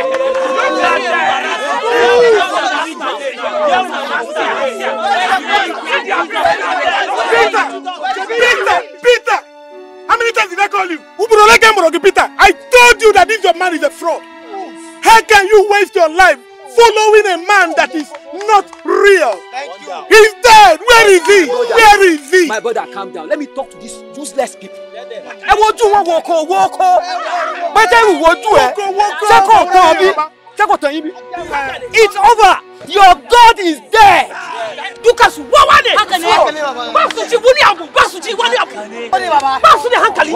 Peter! Peter! Peter! How many times did I call you? Peter, I told you that this your man is a fraud. How can you waste your life following a man that is not real? He's dead. Where is he? Where is he? my brother calm down let me talk to these useless people. ẹ wojú wọn wo ko wo ko pétérù wojú ẹ sẹkọ kan bí sẹkọ tán yín bí it's over your god is dead dukas wawa de basuji wuli abu basuji wali abu basuji hankali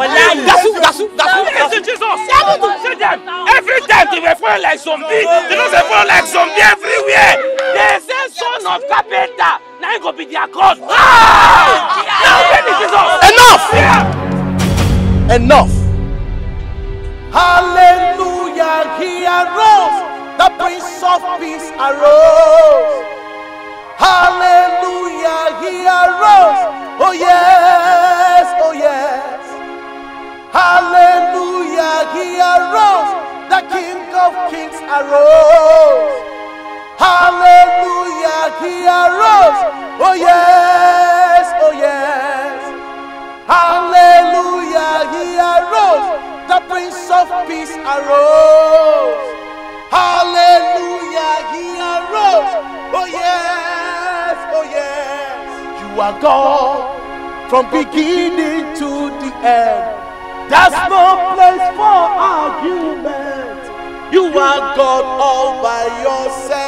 dasu dasu dasu. every time they were falling like zombie they no dey fall like zombie everywhere they say son of carpenter na him go be their god. Ah! enough. Hallelujah, he arose. The Prince of Peace arose. Hallelujah, he arose. Oh, yes, oh, yes. Hallelujah, he arose. The King of Kings arose. Hallelujah, he arose. Oh, yes. peace arose. Hallelujah, he arose. Oh yes, oh yes. You are God from beginning to the end. There's no place for argument. You are God all by yourself.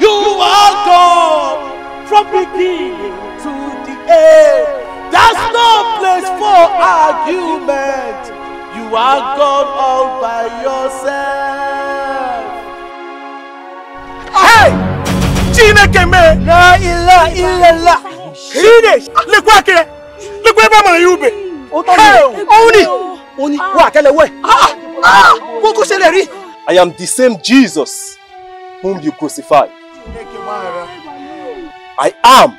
You are God from beginning to the end. There's no place for argument. You are God all by yourself. Hey! Chineke me! La ilaha illallah. Shine! Lekwa akire. Lekwa ba mara yube. Hey! Oni! Oni ah! wa kele we. Ah! Ah! Wo ko ṣẹlẹ̀ I am the same Jesus whom you crucified. I am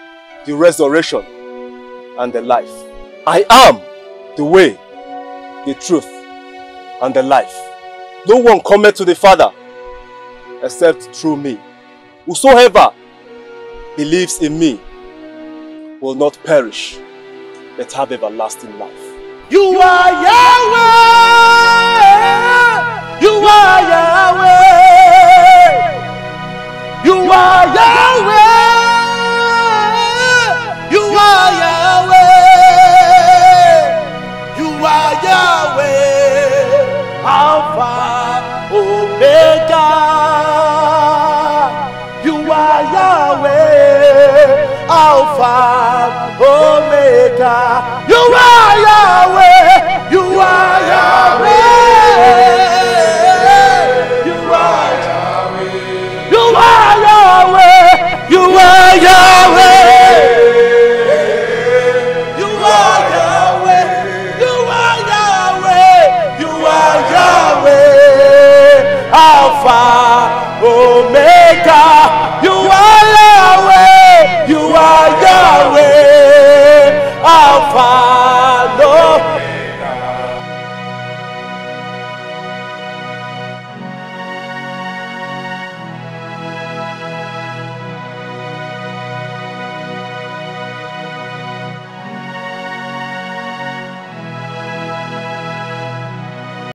the resurrection and the life. I am the way the truth, and the life. No one cometh to the Father except through me. Whosoever believes in me will not perish, but have everlasting life. You are Yahweh! Alpha, Omega. You are Yahweh, Alpha, Omega. You are Yahweh.